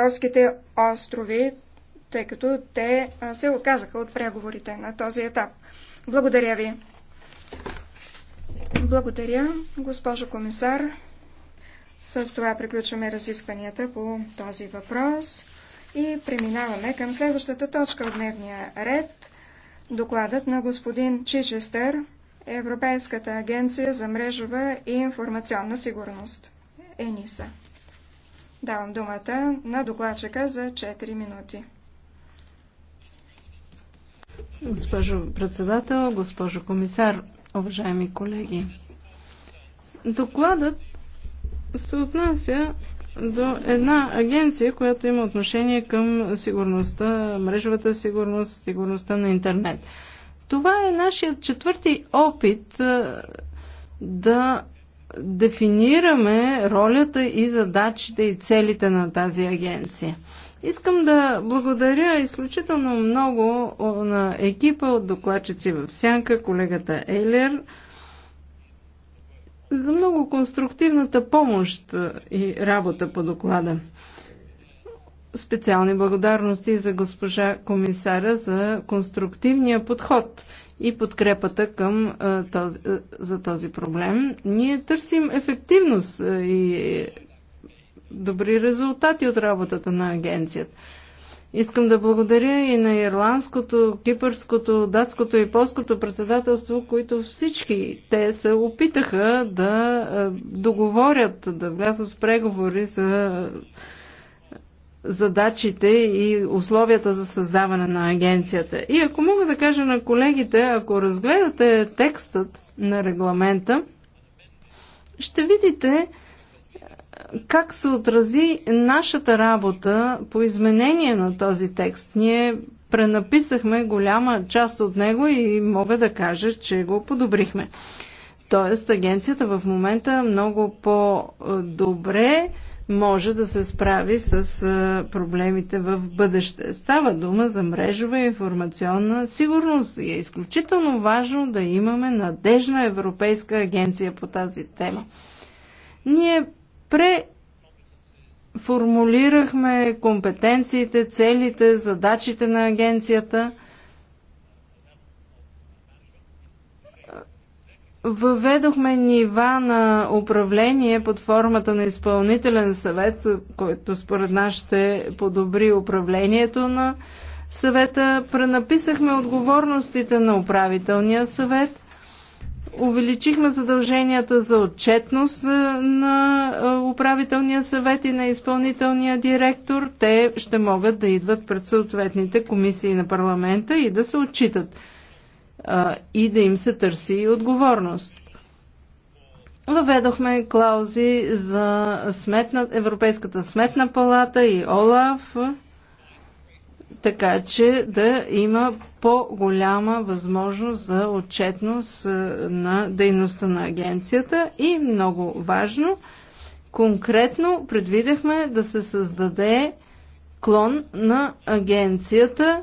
Фарерските острови, тъй като те се отказаха от преговорите на този етап. Благодаря ви. Благодаря, госпожо комисар. С това приключваме разискванията по този въпрос и преминаваме към следващата точка от дневния ред. Докладът на господин Чичестър, Европейската агенция за мрежова и информационна сигурност. ЕНИСА. Давам думата на докладчика за 4 минути. Госпожо председател, госпожо комисар, уважаеми колеги. Докладът се отнася до една агенция, която има отношение към сигурността, мрежовата сигурност, сигурността на интернет. Това е нашият четвърти опит да дефинираме ролята и задачите и целите на тази агенция. Искам да благодаря изключително много на екипа от докладчици в Сянка, колегата Ейлер, за много конструктивната помощ и работа по доклада специални благодарности за госпожа комисаря за конструктивния подход и подкрепата към, този, за този проблем. Ние търсим ефективност и добри резултати от работата на агенцията. Искам да благодаря и на ирландското, кипърското, датското и полското председателство, които всички те се опитаха да договорят, да влязат в преговори за задачите и условията за създаване на агенцията. И ако мога да кажа на колегите, ако разгледате текстът на регламента, ще видите е, как се отрази нашата работа по изменение на този текст. Ние пренаписахме голяма част от него и мога да кажа, че го подобрихме. Тоест, агенцията в момента е много по-добре може да се справи с проблемите в бъдеще. Става дума за мрежова и информационна сигурност и е изключително важно да имаме надежна европейска агенция по тази тема. Ние пре формулирахме компетенциите, целите, задачите на агенцията – Въведохме нива на управление под формата на изпълнителен съвет, който според нас ще подобри управлението на съвета. Пренаписахме отговорностите на управителния съвет – увеличихме задълженията за отчетност на управителния съвет и на изпълнителния директор. Те ще могат да идват пред съответните комисии на парламента и да се отчитат а, и да им се търси отговорност. Въведохме клаузи за сметна, Европейската сметна палата и ОЛАФ, така че да има по-голяма възможност за отчетност на дейността на агенцията и много важно, конкретно предвидехме да се създаде клон на агенцията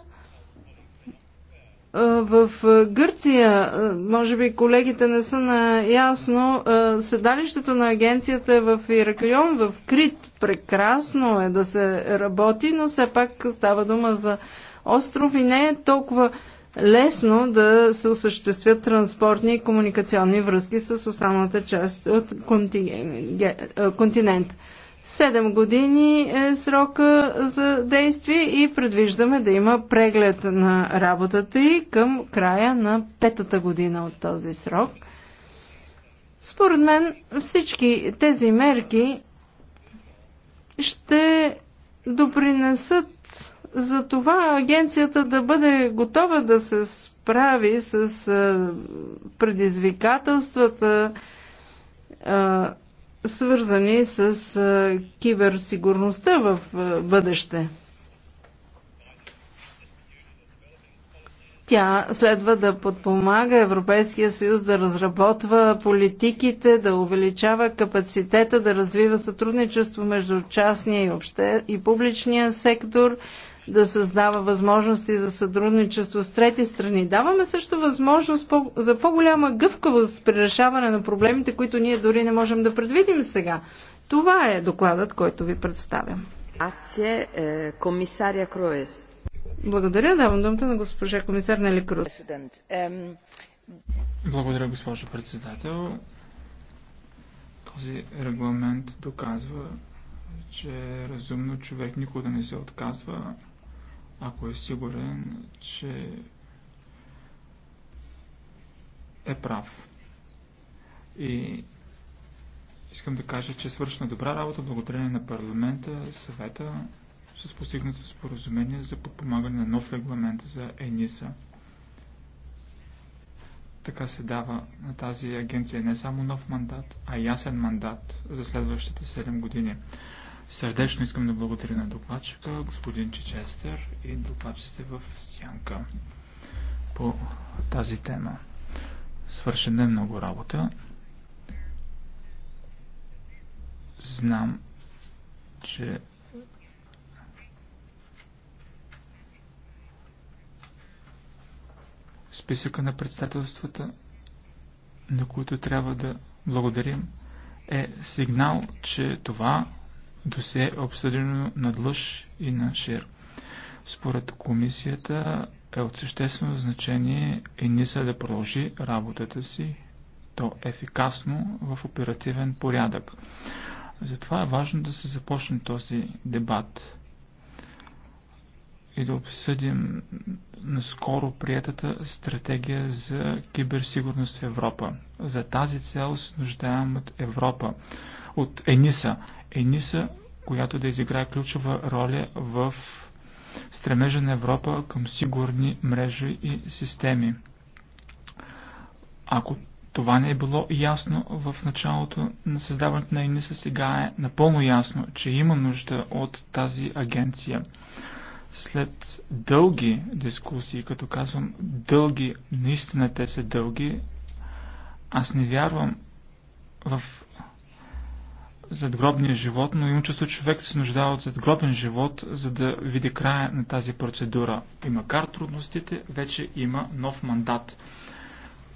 в Гърция, може би колегите не са наясно, седалището на агенцията е в Ираклион, в Крит. Прекрасно е да се работи, но все пак става дума за остров и не е толкова лесно да се осъществят транспортни и комуникационни връзки с останалата част от континента. 7 години е срока за действие и предвиждаме да има преглед на работата и към края на петата година от този срок. Според мен всички тези мерки ще допринесат за това агенцията да бъде готова да се справи с е, предизвикателствата, е, свързани с киберсигурността в бъдеще. Тя следва да подпомага Европейския съюз да разработва политиките, да увеличава капацитета, да развива сътрудничество между частния и, обще, и публичния сектор, да създава възможности за сътрудничество с трети страни. Даваме също възможност за по-голяма гъвкавост при решаване на проблемите, които ние дори не можем да предвидим сега. Това е докладът, който ви представям. Ация, е, комисария Круес. Благодаря. Давам думата на госпожа комисар Нели Круз. Благодаря, госпожо председател. Този регламент доказва, че разумно човек никога да не се отказва ако е сигурен, че е прав. И искам да кажа, че свършна добра работа благодарение на парламента, съвета, с постигнато споразумение за подпомагане на нов регламент за ЕНИСА. Така се дава на тази агенция не само нов мандат, а ясен мандат за следващите 7 години. Сърдечно искам да благодаря на докладчика, господин Чечестър и докладчите в Сянка по тази тема. Свършена е много работа. Знам, че списъка на представителствата, на които трябва да благодарим, е сигнал, че това досе обсъдено на длъж и на шир. Според комисията е от съществено значение ЕНИСА да продължи работата си, то ефикасно в оперативен порядък. Затова е важно да се започне този дебат и да обсъдим наскоро приятата стратегия за киберсигурност в Европа. За тази цел се нуждаем от Европа, от ЕНИСА – ЕНИСА, която да изиграе ключова роля в стремежа на Европа към сигурни мрежи и системи. Ако това не е било ясно в началото на създаването на ЕНИСА, сега е напълно ясно, че има нужда от тази агенция. След дълги дискусии, като казвам дълги, наистина те са дълги, аз не вярвам в задгробния живот, но има чувство, че човек се нуждае от задгробен живот, за да види края на тази процедура. И макар трудностите, вече има нов мандат,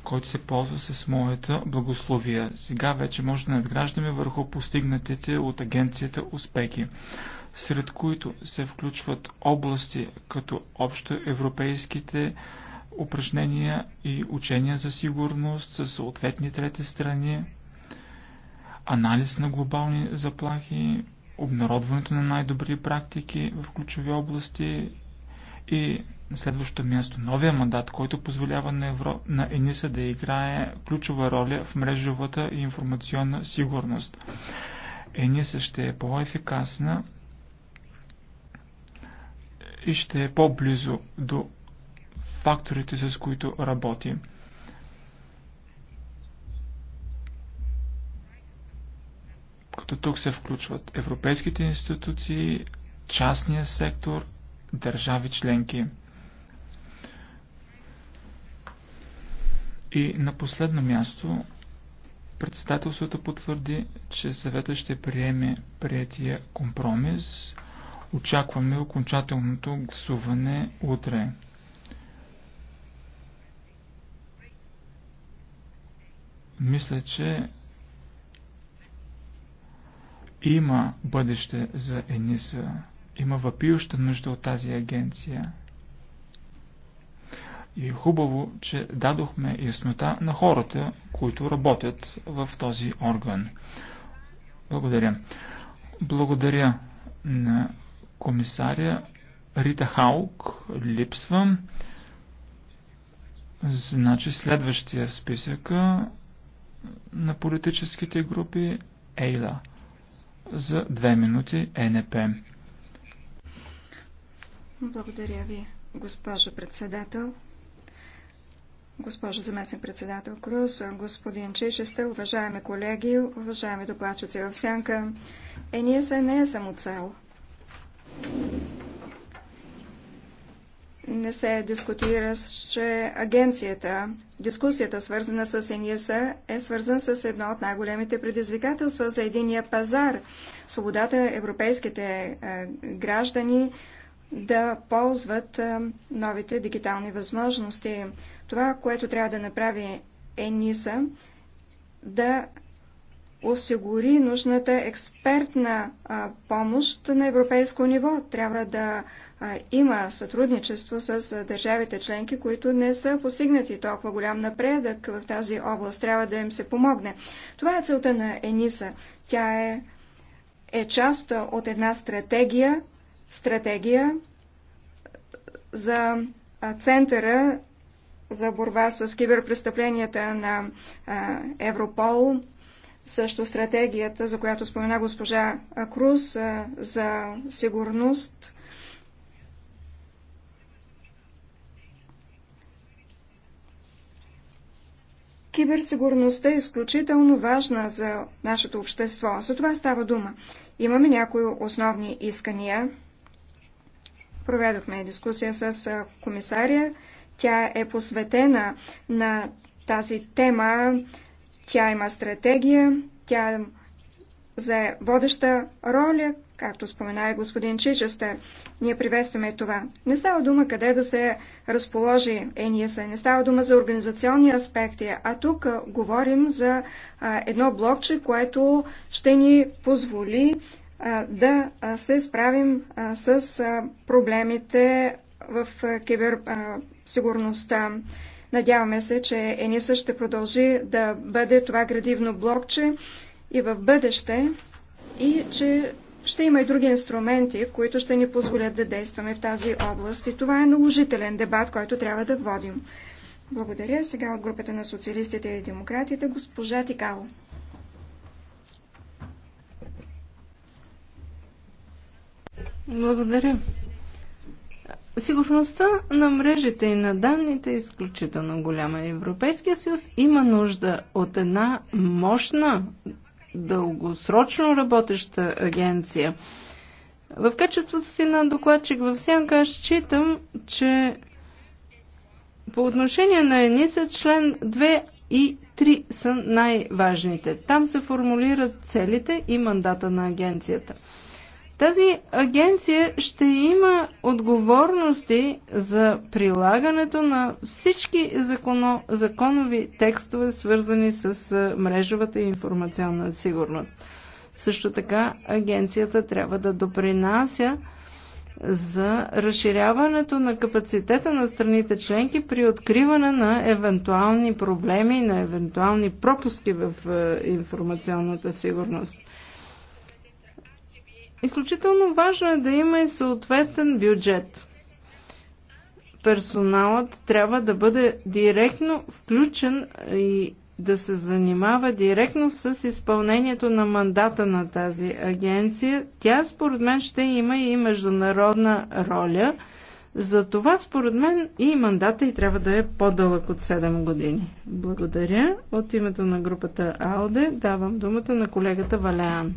който се ползва с моята благословия. Сега вече може да надграждаме върху постигнатите от агенцията успехи, сред които се включват области като общо европейските упражнения и учения за сигурност със съответни трети страни, анализ на глобални заплахи, обнародването на най-добри практики в ключови области и на следващото място новия мандат, който позволява на, Евро... на ЕНИСА да играе ключова роля в мрежовата и информационна сигурност. ЕНИСА ще е по-ефикасна и ще е по-близо до факторите, с които работи. като тук се включват европейските институции, частния сектор, държави членки. И на последно място, председателството потвърди, че съветът ще приеме приятия компромис. Очакваме окончателното гласуване утре. Мисля, че има бъдеще за ЕНИСА. Има въпиваща нужда от тази агенция. И е хубаво, че дадохме яснота на хората, които работят в този орган. Благодаря. Благодаря на комисаря Рита Хаук. Липсвам. Значи следващия в списъка на политическите групи Ейла за две минути НП. Благодаря ви, госпожо председател. Госпожо заместник председател Круз, господин Чишеста, уважаеми колеги, уважаеми докладчици в сянка, е ние се не е само цел не се дискутираше агенцията. Дискусията, свързана с ЕНИСА, е свързана с едно от най-големите предизвикателства за единия пазар. Свободата европейските е, граждани да ползват е, новите дигитални възможности. Това, което трябва да направи ЕНИСА, да осигури нужната експертна помощ на европейско ниво. Трябва да има сътрудничество с държавите членки, които не са постигнати толкова голям напредък в тази област. Трябва да им се помогне. Това е целта на ЕНИСА. Тя е, е част от една стратегия, стратегия за Центъра за борба с киберпрестъпленията на Европол, също стратегията, за която спомена госпожа Круз, за сигурност Киберсигурността е изключително важна за нашето общество. За това става дума. Имаме някои основни искания. Проведохме дискусия с комисария. Тя е посветена на тази тема. Тя има стратегия. Тя за водеща роля, както спомена и господин Чичеста. Ние приветстваме това. Не става дума къде да се разположи ЕНИСА, не става дума за организационни аспекти, а тук говорим за а, едно блокче, което ще ни позволи а, да се справим с проблемите в киберсигурността. Надяваме се, че ЕНИСА ще продължи да бъде това градивно блокче, и в бъдеще и че ще има и други инструменти, които ще ни позволят да действаме в тази област. И това е наложителен дебат, който трябва да водим. Благодаря. Сега от групата на социалистите и демократите госпожа Тикало. Благодаря. Сигурността на мрежите и на данните е изключително голяма. Европейския съюз има нужда от една мощна дългосрочно работеща агенция. В качеството си на докладчик в Сянка аз считам, че по отношение на единица член 2 и 3 са най-важните. Там се формулират целите и мандата на агенцията. Тази агенция ще има отговорности за прилагането на всички законо, законови текстове, свързани с мрежовата и информационна сигурност. Също така агенцията трябва да допринася за разширяването на капацитета на страните членки при откриване на евентуални проблеми, на евентуални пропуски в информационната сигурност. Изключително важно е да има и съответен бюджет. Персоналът трябва да бъде директно включен и да се занимава директно с изпълнението на мандата на тази агенция. Тя според мен ще има и международна роля. За това според мен и мандата и трябва да е по-дълъг от 7 години. Благодаря. От името на групата АОДЕ давам думата на колегата Валеан.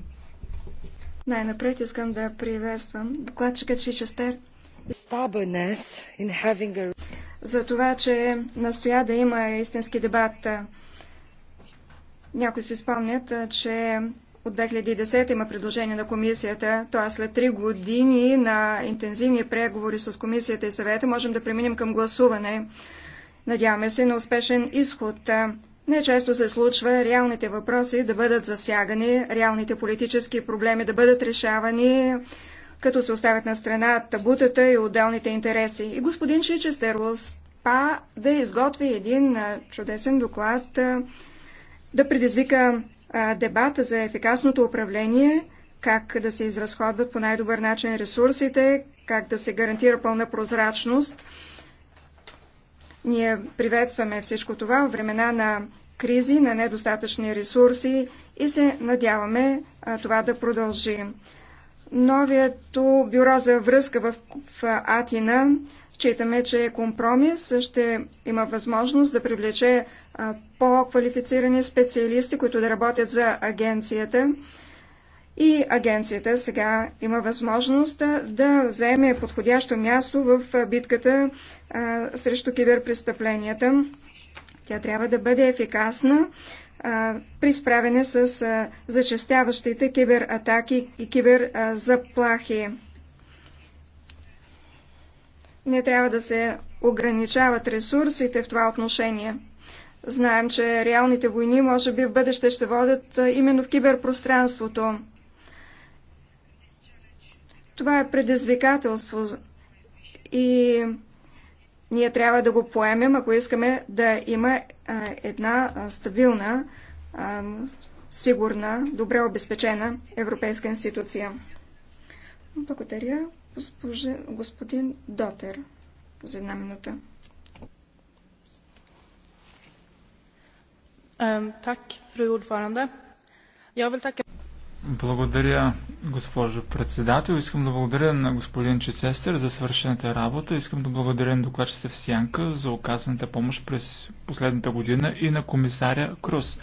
Най-напред искам да приветствам докладчика Чичестер. A... За това, че настоя да има истински дебат. Някои си спомнят, че от 2010 има предложение на комисията, т.е. след три години на интензивни преговори с комисията и съвета можем да преминем към гласуване. Надяваме се на успешен изход. Не често се случва реалните въпроси да бъдат засягани, реалните политически проблеми да бъдат решавани, като се оставят на страна табутата и отделните интереси. И господин Чичестер спа да изготви един чудесен доклад, да предизвика дебата за ефикасното управление, как да се изразходват по най-добър начин ресурсите, как да се гарантира пълна прозрачност – ние приветстваме всичко това в времена на кризи, на недостатъчни ресурси и се надяваме а, това да продължи. Новието бюро за връзка в, в Атина Считаме, че е компромис ще има възможност да привлече по-квалифицирани специалисти, които да работят за агенцията. И агенцията сега има възможност да вземе подходящо място в битката а, срещу киберпрестъпленията. Тя трябва да бъде ефикасна а, при справяне с а, зачастяващите кибератаки и киберзаплахи. Не трябва да се ограничават ресурсите в това отношение. Знаем, че реалните войни може би в бъдеще ще водят именно в киберпространството. Това е предизвикателство и ние трябва да го поемем, ако искаме да има една стабилна, сигурна, добре обезпечена европейска институция. Благодаря, господин Дотер, за една минута. Tack, fru ordförande. Jag vill tacka благодаря, госпожо председател. Искам да благодаря на господин Чецестер за свършената работа. Искам да благодаря на докладчица в Сянка за оказаната помощ през последната година и на комисаря Крус.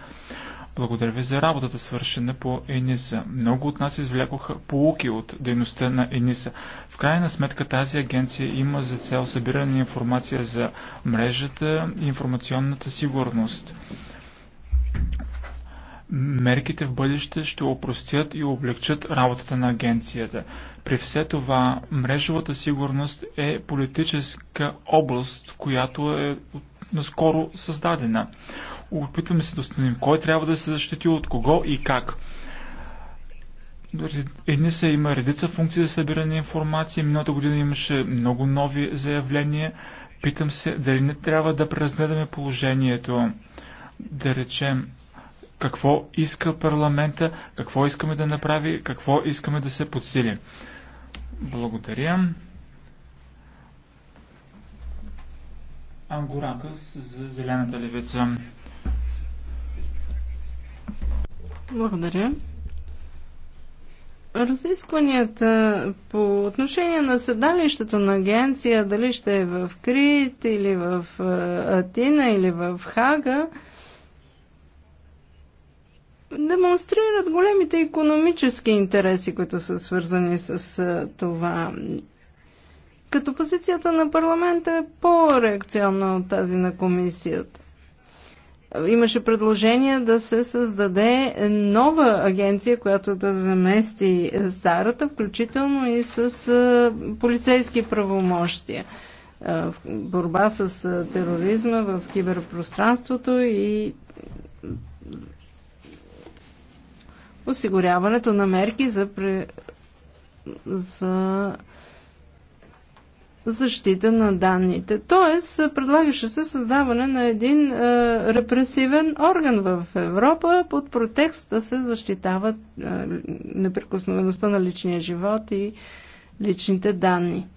Благодаря ви за работата свършена по ЕНИСА. Много от нас извлякоха полуки от дейността на ЕНИСА. В крайна сметка тази агенция има за цел събиране на информация за мрежата и информационната сигурност. Мерките в бъдеще ще опростят и облегчат работата на агенцията. При все това, мрежовата сигурност е политическа област, която е наскоро създадена. Опитваме се да установим кой трябва да се защити от кого и как. Едни са има редица функции за събиране на информация. Миналата година имаше много нови заявления. Питам се дали не трябва да преразгледаме положението. Да речем, какво иска парламента, какво искаме да направи, какво искаме да се подсили. Благодаря. Ангоракас за Зелената левица. Благодаря. Разискванията по отношение на седалището на агенция, дали ще е в Крит или в е, Атина или в Хага, демонстрират големите економически интереси, които са свързани с това. Като позицията на парламента е по-реакционна от тази на комисията. Имаше предложение да се създаде нова агенция, която да замести е, старата, включително и с полицейски правомощия в борба с тероризма в киберпространството и осигуряването на мерки за, пре... за защита на данните. Тоест, предлагаше се създаване на един е, репресивен орган в Европа под протекст да се защитава е, неприкосновеността на личния живот и личните данни.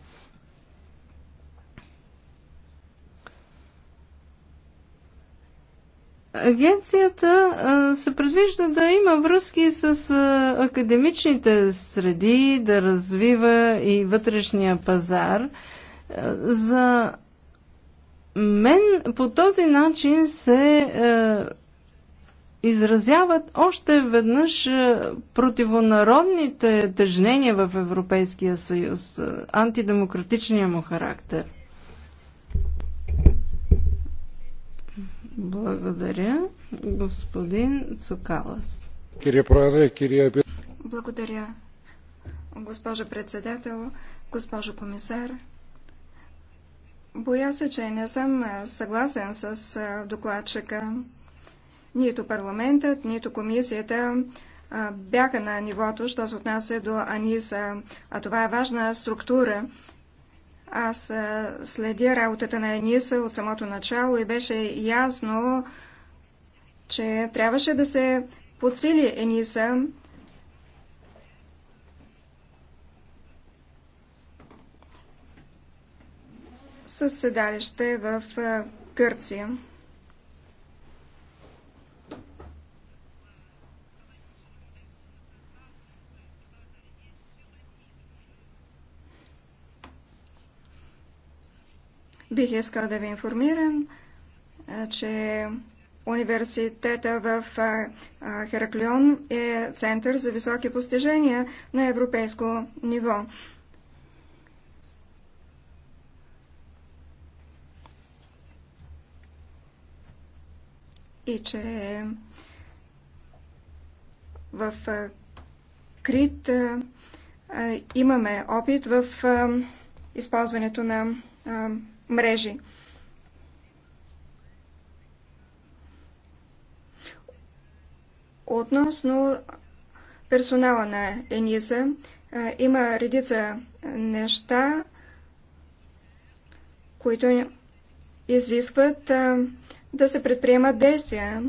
Агенцията се предвижда да има връзки с академичните среди, да развива и вътрешния пазар. За мен по този начин се изразяват още веднъж противонародните тъжнения в Европейския съюз, антидемократичния му характер. Благодаря, господин Цукалас. Благодаря, госпожо председател, госпожо комисар. Боя се, че не съм съгласен с докладчика. Нито парламентът, нито комисията бяха на нивото, що се отнася до Аниса, а това е важна структура аз следя работата на Ениса от самото начало и беше ясно, че трябваше да се подсили Ениса. Със седалище в Гърция. Бих искал да ви информирам, че университета в Хераклион е център за високи постижения на европейско ниво. И че в Крит имаме опит в използването на мрежи. Относно персонала на ЕНИСА, има редица неща, които изискват да се предприемат действия.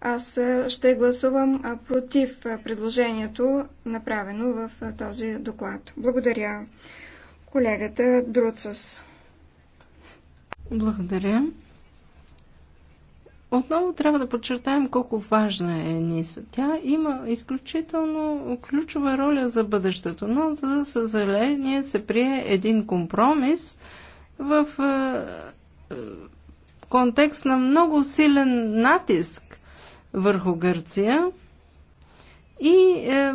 Аз ще гласувам против предложението, направено в този доклад. Благодаря колегата Друцас. Благодаря. Отново трябва да подчертаем колко важна е НИСА. Тя има изключително ключова роля за бъдещето, но за съжаление се прие един компромис в е, е, контекст на много силен натиск върху Гърция и е,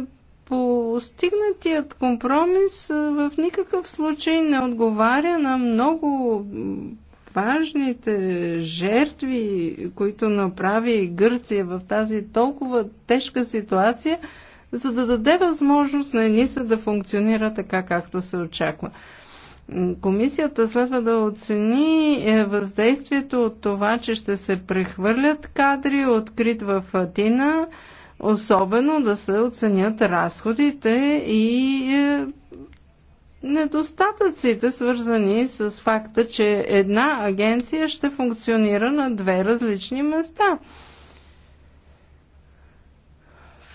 постигнатият компромис в никакъв случай не отговаря на много важните жертви, които направи Гърция в тази толкова тежка ситуация, за да даде възможност на Ениса да функционира така, както се очаква. Комисията следва да оцени е, въздействието от това, че ще се прехвърлят кадри, открит в Атина, Особено да се оценят разходите и е, недостатъците, свързани с факта, че една агенция ще функционира на две различни места.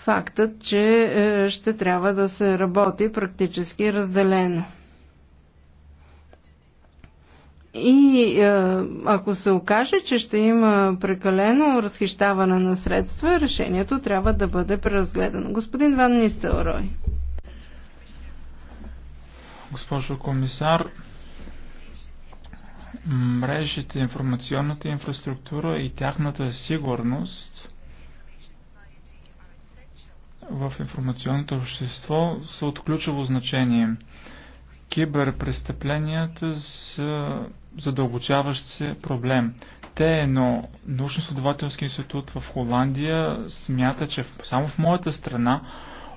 Фактът, че е, ще трябва да се работи практически разделено. И е, ако се окаже, че ще има прекалено разхищаване на средства, решението трябва да бъде преразгледано. Господин Ван Нистелрой. Госпожо комисар, мрежите, информационната инфраструктура и тяхната сигурност в информационното общество са от ключово значение – Киберпрестъпленията са задълбочаващ се проблем. Те, е но научно-следователски институт в Холандия смята, че само в моята страна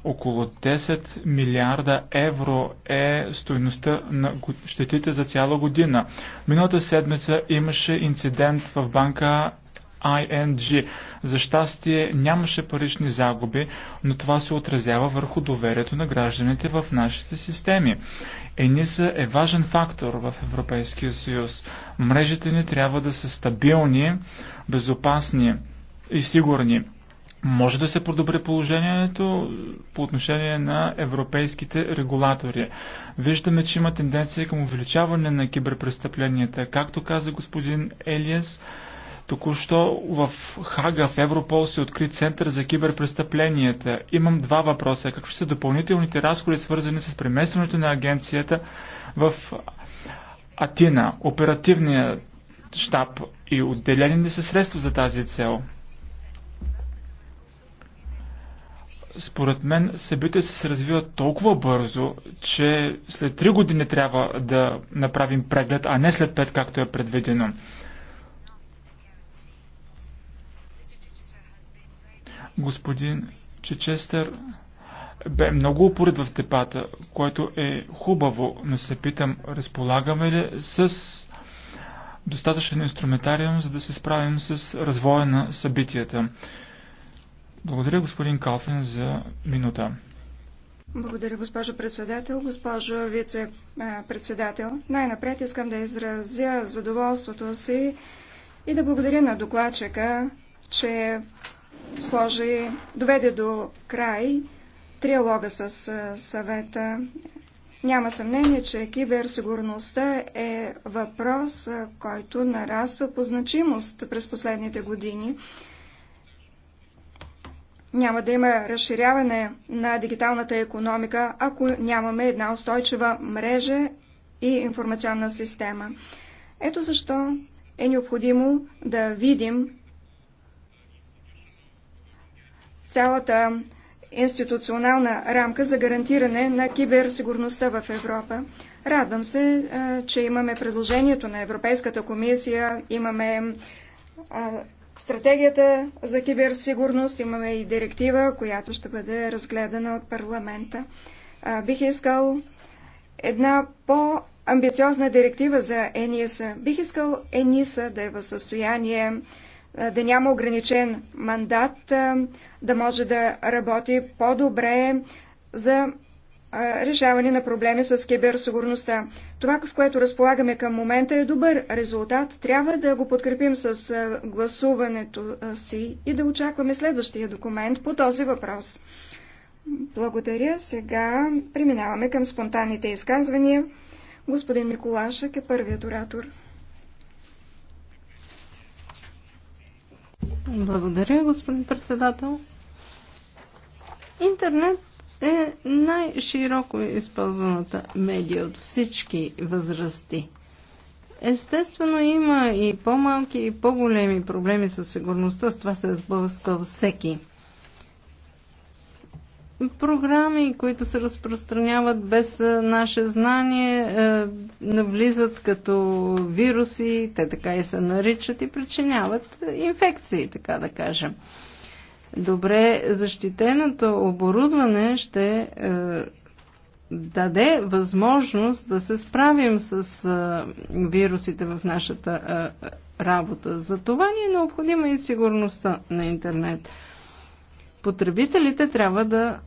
около 10 милиарда евро е стоеността на щетите за цяла година. Миналата седмица имаше инцидент в банка ING. За щастие нямаше парични загуби, но това се отразява върху доверието на гражданите в нашите системи. ЕНИСА е важен фактор в Европейския съюз. Мрежите ни трябва да са стабилни, безопасни и сигурни. Може да се подобри положението по отношение на европейските регулатори. Виждаме, че има тенденция към увеличаване на киберпрестъпленията. Както каза господин Елиас, Току-що в Хага, в Европол се откри Център за киберпрестъпленията. Имам два въпроса. Какви са допълнителните разходи, свързани с преместването на агенцията в Атина, оперативния щаб и отделени ли са средства за тази цел? Според мен събития се развиват толкова бързо, че след три години трябва да направим преглед, а не след пет, както е предвидено. господин Чечестър бе много упоред в депата, което е хубаво, но се питам, разполагаме ли с достатъчен инструментариум, за да се справим с развоя на събитията. Благодаря господин Калфин за минута. Благодаря, госпожо председател. Госпожо вице-председател, най-напред искам да изразя задоволството си и да благодаря на докладчика, че сложи, доведе до край триалога с съвета. Няма съмнение, че киберсигурността е въпрос, който нараства по значимост през последните години. Няма да има разширяване на дигиталната економика, ако нямаме една устойчива мрежа и информационна система. Ето защо е необходимо да видим цялата институционална рамка за гарантиране на киберсигурността в Европа. Радвам се, че имаме предложението на Европейската комисия, имаме стратегията за киберсигурност, имаме и директива, която ще бъде разгледана от парламента. Бих искал една по-амбициозна директива за ЕНИСА. Бих искал ЕНИСА да е в състояние да няма ограничен мандат, да може да работи по-добре за решаване на проблеми с киберсигурността. Това, с което разполагаме към момента, е добър резултат. Трябва да го подкрепим с гласуването си и да очакваме следващия документ по този въпрос. Благодаря. Сега преминаваме към спонтанните изказвания. Господин Миколашък е първият оратор. Благодаря, господин председател. Интернет е най-широко използваната медия от всички възрасти. Естествено има и по-малки и по-големи проблеми със сигурността, с това се сблъсква всеки програми, които се разпространяват без е, наше знание, е, навлизат като вируси, те така и се наричат и причиняват инфекции, така да кажем. Добре защитеното оборудване ще е, даде възможност да се справим с вирусите в нашата работа. За това ни е необходима и сигурността на интернет потребителите трябва да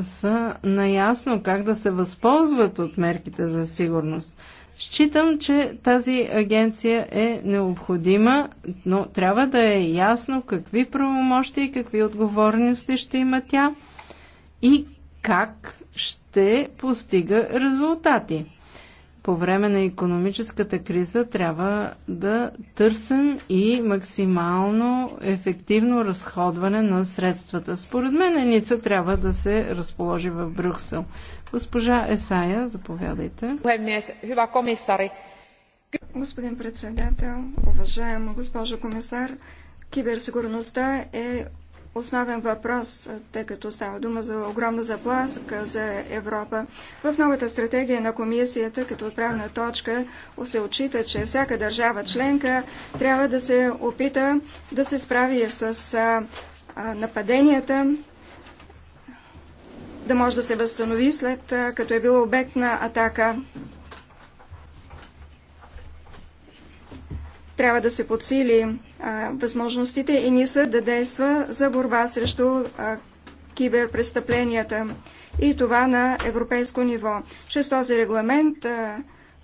са наясно как да се възползват от мерките за сигурност. Считам, че тази агенция е необходима, но трябва да е ясно какви правомощи и какви отговорности ще има тя и как ще постига резултати по време на економическата криза трябва да търсим и максимално ефективно разходване на средствата. Според мен ЕНИСА трябва да се разположи в Брюксел. Госпожа Есая, заповядайте. Господин председател, уважаема госпожа комисар, киберсигурността е основен въпрос, тъй като става дума за огромна запласка за Европа. В новата стратегия на комисията, като отправна точка, се отчита, че всяка държава членка трябва да се опита да се справи с нападенията, да може да се възстанови след като е бил обект на атака. Трябва да се подсили а, възможностите и НИСА да действа за борба срещу а, киберпрестъпленията и това на европейско ниво. Чрез този регламент а,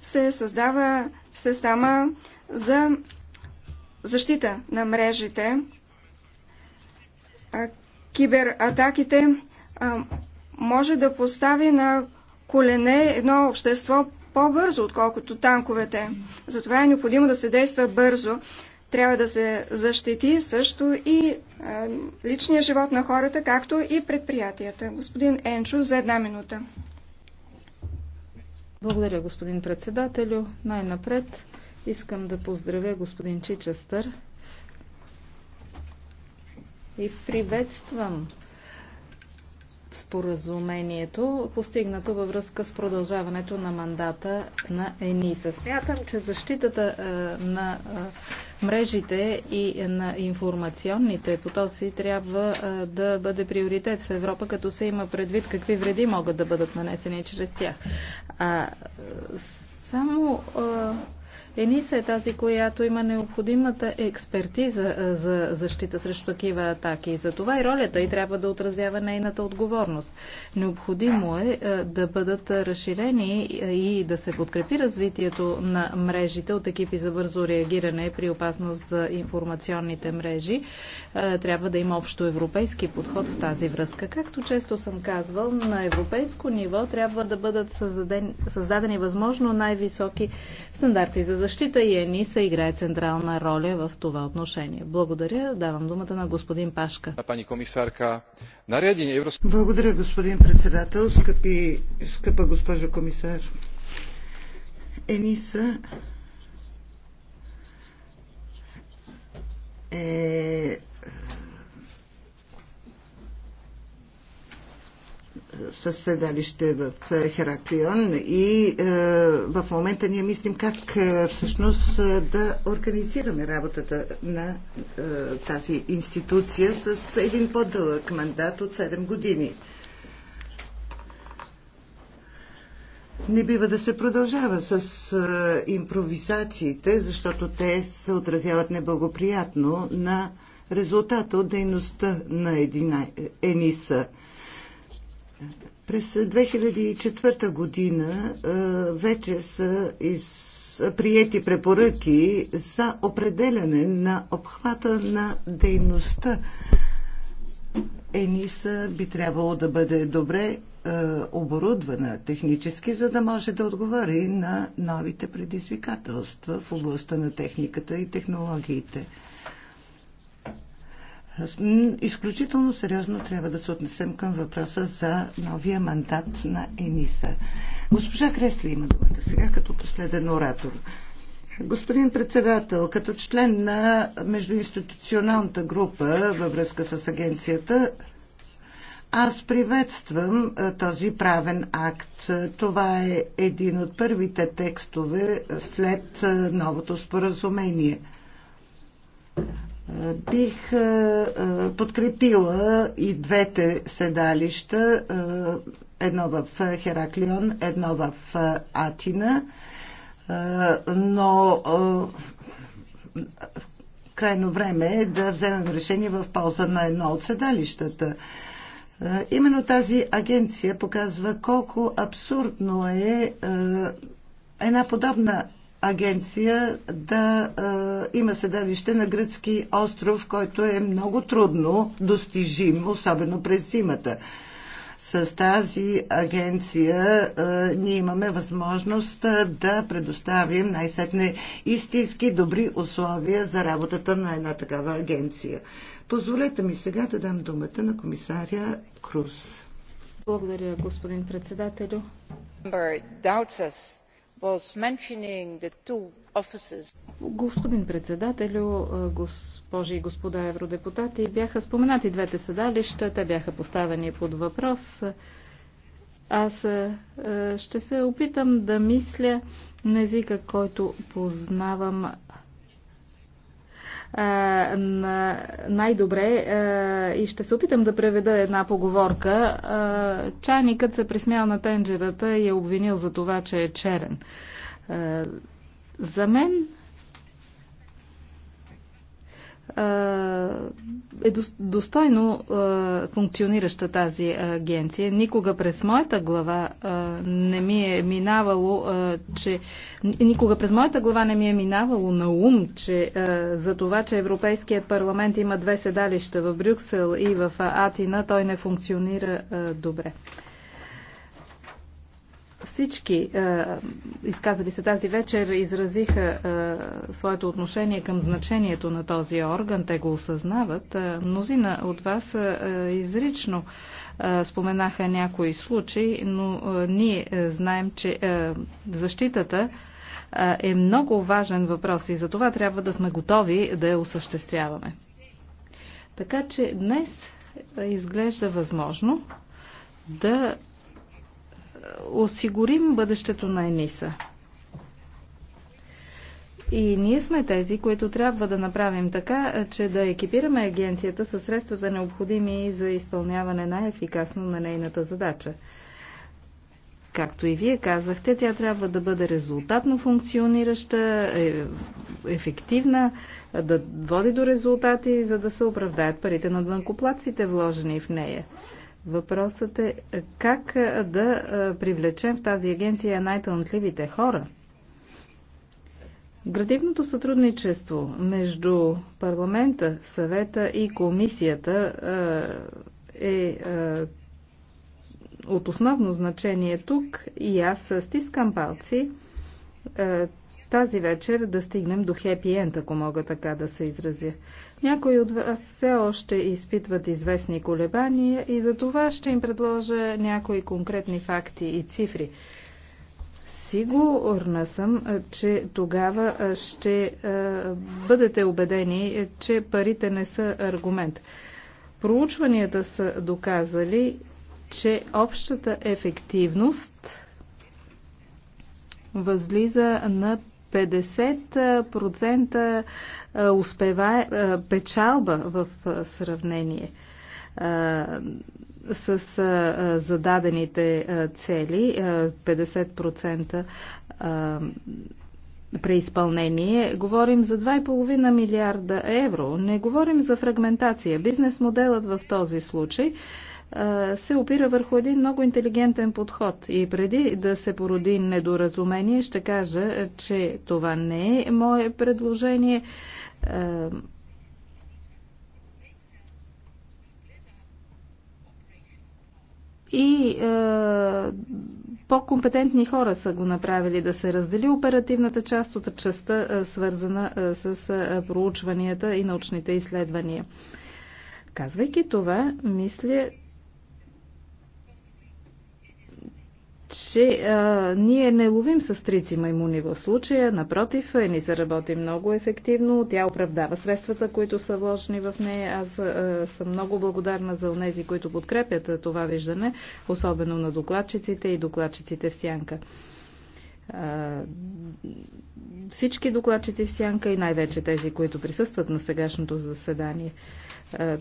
се създава система за защита на мрежите. А, кибератаките а, може да постави на колене едно общество по-бързо, отколкото танковете. Затова е необходимо да се действа бързо. Трябва да се защити също и е, личния живот на хората, както и предприятията. Господин Енчо, за една минута. Благодаря, господин председателю. Най-напред искам да поздравя господин Чичестър и приветствам споразумението, постигнато във връзка с продължаването на мандата на ЕНИСА. Смятам, че защитата е, на е, мрежите и на информационните потоци трябва е, да бъде приоритет в Европа, като се има предвид какви вреди могат да бъдат нанесени чрез тях. А, само ЕНИСА е тази, която има необходимата експертиза за защита срещу такива атаки. За това и ролята и трябва да отразява нейната отговорност. Необходимо е да бъдат разширени и да се подкрепи развитието на мрежите от екипи за бързо реагиране при опасност за информационните мрежи. Трябва да има общо европейски подход в тази връзка. Както често съм казвал, на европейско ниво трябва да бъдат създадени, създадени възможно най-високи стандарти за защита защита и ЕНИСА играе централна роля в това отношение. Благодаря. Давам думата на господин Пашка. Благодаря, господин председател. Скъпи, скъпа госпожо комисар. ЕНИСА е с седалище в е, Хераклион и е, в момента ние мислим как е, всъщност да организираме работата на тази институция с един по-дълъг мандат от 7 години. Не бива да се продължава с а, импровизациите, защото те се отразяват неблагоприятно на резултата от дейността на Едина, ЕНИСА. През 2004 година вече са из, приети препоръки за определяне на обхвата на дейността. ЕНИСА би трябвало да бъде добре оборудвана технически, за да може да отговори на новите предизвикателства в областта на техниката и технологиите. Изключително сериозно трябва да се отнесем към въпроса за новия мандат на ЕНИСА. Госпожа Кресли има думата сега като последен оратор. Господин председател, като член на междуинституционалната група във връзка с агенцията, аз приветствам е, този правен акт. Това е един от първите текстове след е, новото споразумение. Бих е, е, подкрепила и двете седалища, е, едно в Хераклион, едно в Атина, но крайно време е да вземем решение в полза на едно от седалищата. Именно тази агенция показва колко абсурдно е една подобна агенция да а, има седалище на гръцки остров, който е много трудно достижим, особено през зимата. С тази агенция а, ние имаме възможност да предоставим най-сетне истински добри условия за работата на една такава агенция. Позволете ми сега да дам думата на комисаря Круз. Благодаря, господин председателю. Господин председателю, госпожи и господа евродепутати, бяха споменати двете съдалища, те бяха поставени под въпрос. Аз е, ще се опитам да мисля на езика, който познавам най-добре и ще се опитам да преведа една поговорка. чайникът се присмял на тенджерата и е обвинил за това, че е черен. за мен е достойно функционираща тази агенция. Никога през моята глава не ми е минавало, че никога през моята глава не ми е минавало на ум, че за това, че Европейският парламент има две седалища в Брюксел и в Атина, той не функционира добре. Всички е, изказали се тази вечер изразиха е, своето отношение към значението на този орган. Те го осъзнават. Е, мнозина от вас е, е, изрично е, споменаха някои случаи, но е, ние е, знаем, че е, защитата е, е много важен въпрос и за това трябва да сме готови да я осъществяваме. Така че днес изглежда възможно да осигурим бъдещето на ЕНИСА. И ние сме тези, които трябва да направим така, че да екипираме агенцията със средствата необходими за изпълняване най-ефикасно на нейната задача. Както и вие казахте, тя трябва да бъде резултатно функционираща, е, ефективна, да води до резултати, за да се оправдаят парите на дънкоплаците, вложени в нея. Въпросът е как да привлечем в тази агенция най-талантливите хора. Градивното сътрудничество между парламента, съвета и комисията е от основно значение тук и аз стискам палци тази вечер да стигнем до хепи енд, ако мога така да се изразя. Някои от вас все още изпитват известни колебания и за това ще им предложа някои конкретни факти и цифри. Сигурна съм, че тогава ще бъдете убедени, че парите не са аргумент. Проучванията са доказали, че общата ефективност възлиза на 50% успева, печалба в сравнение с зададените цели, 50% преизпълнение, говорим за 2,5 милиарда евро. Не говорим за фрагментация. Бизнес моделът в този случай се опира върху един много интелигентен подход. И преди да се породи недоразумение, ще кажа, че това не е мое предложение. И по-компетентни хора са го направили да се раздели оперативната част от частта, свързана с проучванията и научните изследвания. Казвайки това, мисля, че а, ние не ловим с трици маймуни в случая. Напротив, е, ни се работи много ефективно. Тя оправдава средствата, които са вложени в нея. Аз а, съм много благодарна за онези, които подкрепят това виждане, особено на докладчиците и докладчиците в сянка. А, всички докладчици в сянка и най-вече тези, които присъстват на сегашното заседание. А,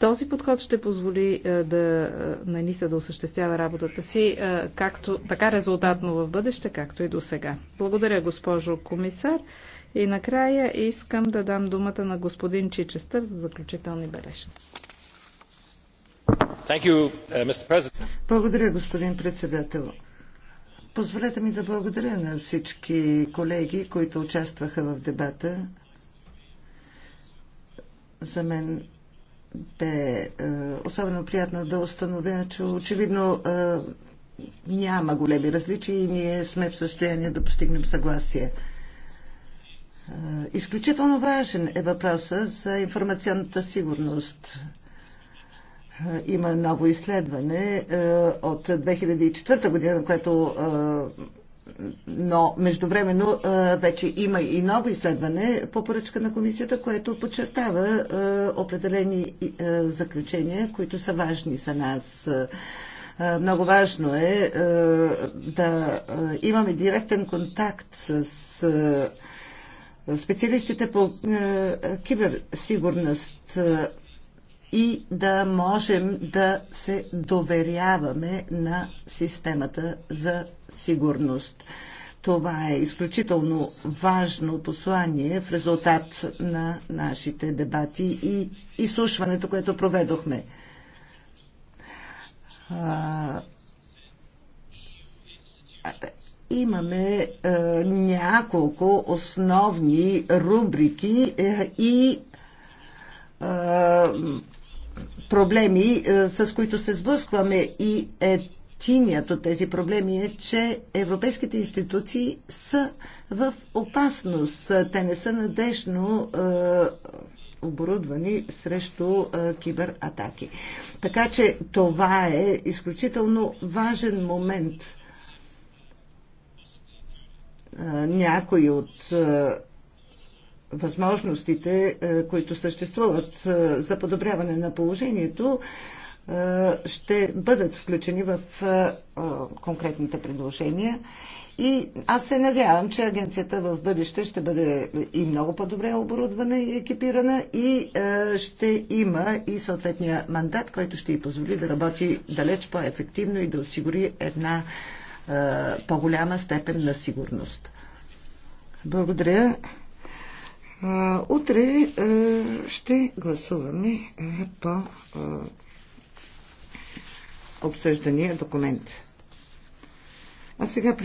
този подход ще позволи е, да е, Наниса да осъществява работата си е, както, така резултатно в бъдеще, както и до сега. Благодаря, госпожо комисар. И накрая искам да дам думата на господин Чичестър за заключителни бележки. Благодаря, господин председател. Позволете ми да благодаря на всички колеги, които участваха в дебата. За мен бе е, особено приятно да установя, че очевидно е, няма големи различия и ние сме в състояние да постигнем съгласие. Е, изключително важен е въпроса за информационната сигурност. Има ново изследване от 2004 година, което но междувременно вече има и ново изследване по поръчка на комисията, което подчертава определени заключения, които са важни за нас. Много важно е да имаме директен контакт с специалистите по киберсигурност и да можем да се доверяваме на системата за сигурност. Това е изключително важно послание в резултат на нашите дебати и изслушването, което проведохме. имаме е, няколко основни рубрики е, и е, проблеми, е, с които се сблъскваме и е Тиният от тези проблеми е, че европейските институции са в опасност. Те не са надежно е, оборудвани срещу е, кибератаки. Така че това е изключително важен момент. Е, някои от е, възможностите, е, които съществуват е, за подобряване на положението, е, ще бъдат включени в е, е, конкретните предложения. И аз се надявам, че агенцията в бъдеще ще бъде и много по-добре оборудвана и екипирана и ще има и съответния мандат, който ще й позволи да работи далеч по-ефективно и да осигури една по-голяма степен на сигурност. Благодаря. Утре ще гласуваме по обсъждания документ. А сега